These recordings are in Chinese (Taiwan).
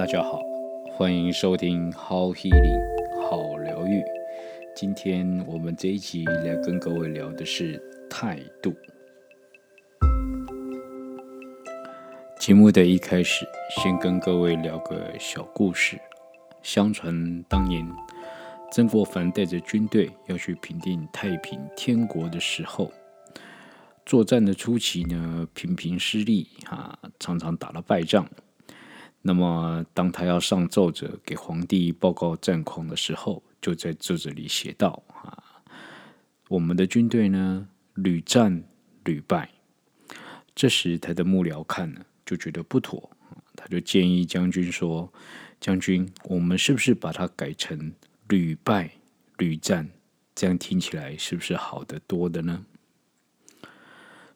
大家好，歡迎收聽《How healing 好療癒》。今天我們這一集來跟各位聊的是態度。節目的一開始，先跟各位聊個小故事。相傳當年曾國藩帶着軍隊要去平定太平天國的時候，作戰的初期呢，頻頻失利，啊，常常打了敗仗。那麼，當他要上奏摺給皇帝報告戰況的時候，就在奏折裡寫道：“啊，我們的軍隊呢，屢戰屢敗。”這時，他的幕僚看了就覺得不妥，啊，他就建議將軍說：“將軍，我們是不是把它改成‘屢敗屢戰’，這樣聽起來是不是好得多的呢？”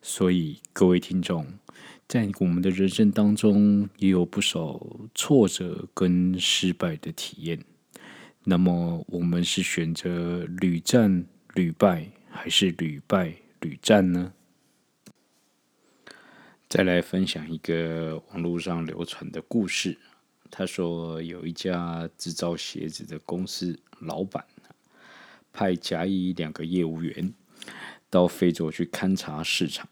所以，各位聽眾，在我們的人生當中，也有不少挫折跟失敗的體驗。那麼，我們是選擇屢戰屢敗，還是屢敗屢戰呢？再來分享一個網絡上流傳的故事。他說，有一家製造鞋子的公司，老闆派甲乙兩個業務員。到非洲去勘察市場，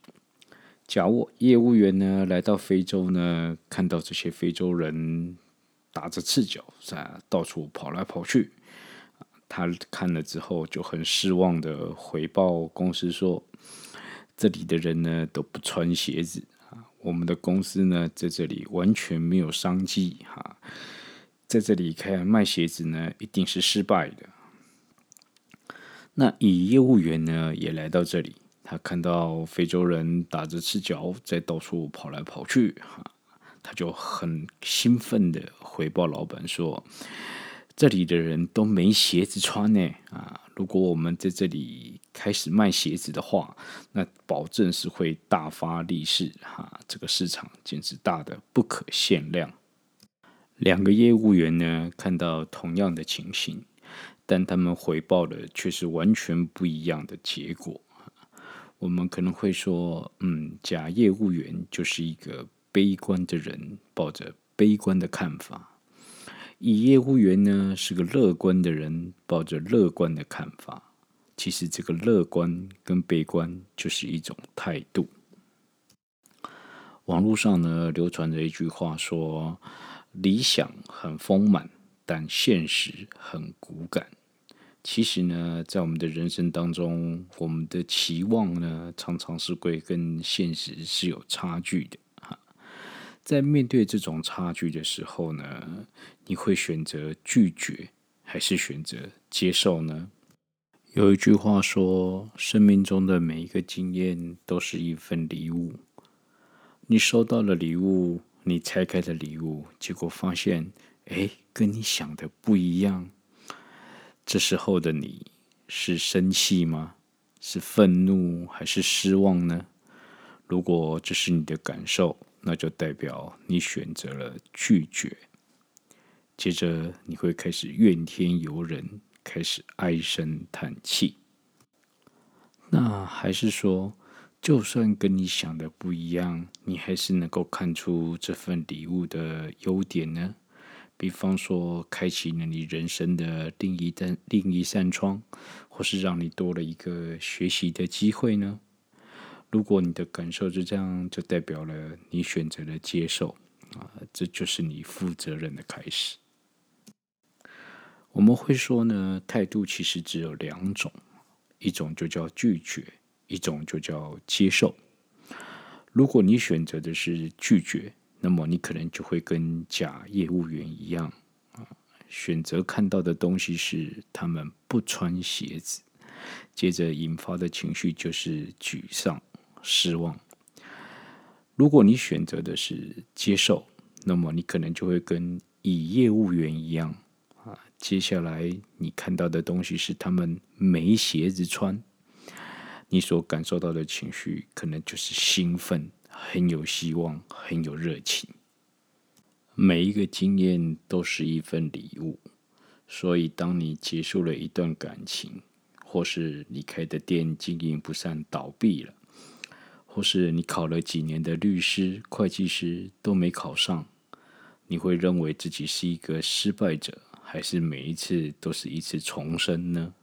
假如業務員呢來到非洲呢，看到這些非洲人打着赤腳在到處跑來跑去，他看了之後就很失望地回報公司說，這裡的人呢都不穿鞋子啊，我們的公司呢在這裡完全沒有商機哈，在這裡開賣鞋子呢一定是失敗的。那乙業務員呢，也來到這裡。他看到非洲人打着赤腳在到處跑來跑去，哈，他就很興奮的回報老板說：“這裡的人都沒鞋子穿呢，啊，如果我們在這裡開始賣鞋子的話，那保證是會大發利市，哈，這個市場簡直大的不可限量。”兩個業務員呢，看到同樣的情形。但他們回報的卻是完全不一樣的結果。我們可能會說，嗯，甲業務員就是一個悲觀的人，抱着悲觀的看法；乙業務員呢是個樂觀的人，抱着樂觀的看法。其實這個樂觀跟悲觀就是一種態度。網絡上呢流傳着一句話說：“理想很豐滿，但現實很骨感。”其實呢，在我們的人生當中，我們的期望呢，常常是會跟現實是有差距的。哈，在面對這種差距的時候呢，你會選擇拒絕，還是選擇接受呢？有一句話說：“生命中的每一個經驗都是一份禮物。”你收到了禮物，你拆開的禮物，結果發現，哎，跟你想的不一樣。這時候的你是生氣嗎？是憤怒還是失望呢？如果這是你的感受，那就代表你選擇了拒絕。接着你會開始怨天尤人，開始唉聲嘆氣。那還是說，就算跟你想的不一樣，你還是能夠看出這份禮物的優點呢？比方說，開啟了你人生的另一扇另一扇窗，或是讓你多了一個學習的機會呢？如果你的感受是這樣，就代表了你選擇了接受啊、呃，這就是你負責任的開始。我們會說呢，態度其實只有兩種，一種就叫拒絕，一種就叫接受。如果你選擇的是拒絕。那麼你可能就會跟甲業務員一樣啊，選擇看到的東西是他們不穿鞋子，接着引發的情緒就是沮喪、失望。如果你選擇的是接受，那麼你可能就會跟乙業務員一樣啊，接下來你看到的東西是他們沒鞋子穿，你所感受到的情緒可能就是興奮。很有希望，很有熱情。每一個經驗都是一份禮物，所以當你結束了一段感情，或是你開的店經營不善倒閉了，或是你考了幾年的律師、會計師都沒考上，你會認為自己是一個失敗者，還是每一次都是一次重生呢？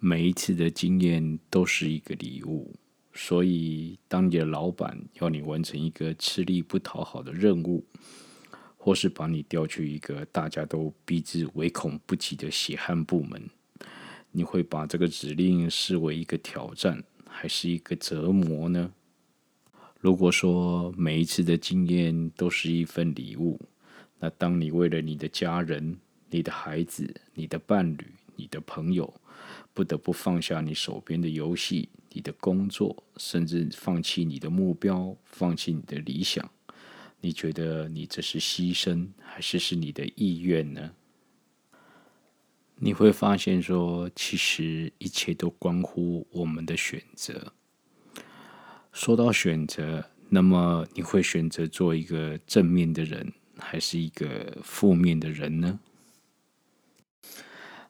每一次的經驗都是一個禮物。所以，當你的老闆要你完成一個吃力不討好的任務，或是把你調去一個大家都避之唯恐不及的血汗部門，你會把這個指令視為一個挑戰，還是一個折磨呢？如果說每一次的經驗都是一份禮物，那當你為了你的家人、你的孩子、你的伴侶、你的朋友，不得不放下你手邊的遊戲，你的工作，甚至放棄你的目標，放棄你的理想，你覺得你這是犧牲，還是是你的意願呢？你會發現說，其實一切都關乎我們的選擇。說到選擇，那麼你會選擇做一個正面的人，還是一個負面的人呢？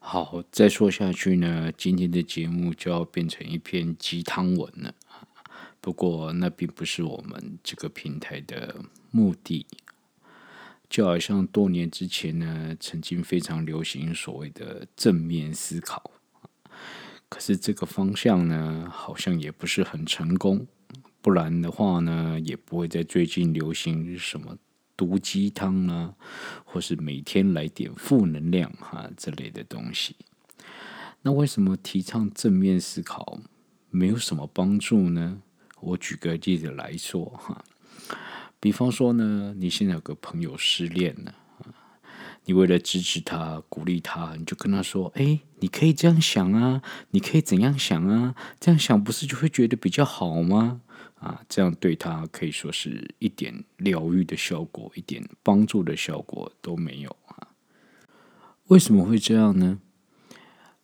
好，再說下去呢，今天的節目就要變成一篇雞湯文了。不過那並不是我們這個平台的目的。就好像多年之前呢，曾經非常流行所謂的正面思考，可是這個方向呢，好像也不是很成功，不然的話呢，也不會在最近流行什麼。毒雞湯啊，或是每天來點負能量哈、啊，這類的東西。那為什麼提倡正面思考沒有什麼幫助呢？我舉個例子來說哈，比方說呢，你現在有個朋友失戀了，你為了支持他、鼓勵他，你就跟他說：“哎，你可以這樣想啊，你可以怎樣想啊，這樣想不是就會覺得比較好嗎？”啊，這樣對他可以說是一點療癒的效果，一點幫助的效果都沒有啊。為什麼會這樣呢？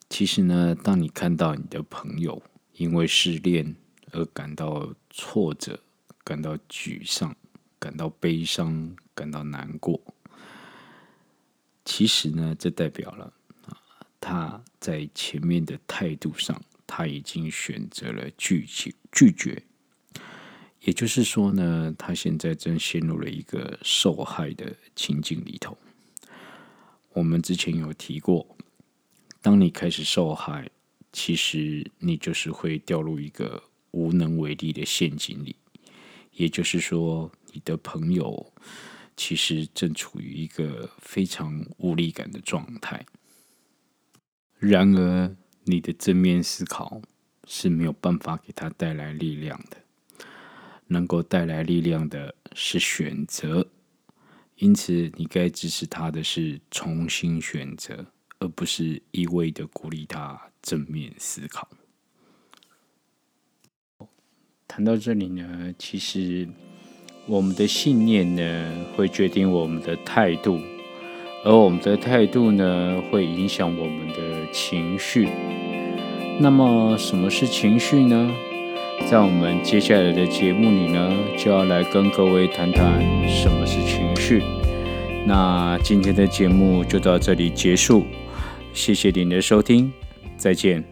其實呢，當你看到你的朋友因為失戀而感到挫折、感到沮喪、感到悲傷、感到難過，其實呢，這代表了啊，他在前面的態度上，他已經選擇了拒絕拒絕。也就是說呢，他現在正陷入了一個受害的情境裡頭。我們之前有提過，當你開始受害，其實你就是會掉入一個無能為力的陷阱裡。也就是說，你的朋友其實正處於一個非常無力感的狀態。然而，你的正面思考是沒有辦法給他帶來力量的。能夠帶來力量的是選擇，因此你該支持他的是重新選擇，而不是一味的鼓勵他正面思考。談到這裡呢，其實我們的信念呢，會決定我們的態度，而我們的態度呢，會影響我們的情緒。那麼，什麼是情緒呢？在我們接下來的節目裡呢，就要來跟各位談談什麼是情緒。那今天的節目就到這裡結束，謝謝您的收聽，再見。